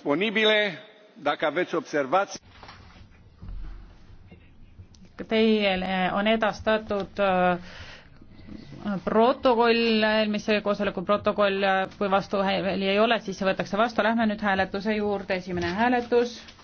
disponibile dacă aveți observații. Teile on edastatud äh, protokoll, eelmise koosoleku protokoll, äh, kui vastuhääli ei ole, siis see võetakse vastu, lähme nüüd hääletuse juurde, esimene hääletus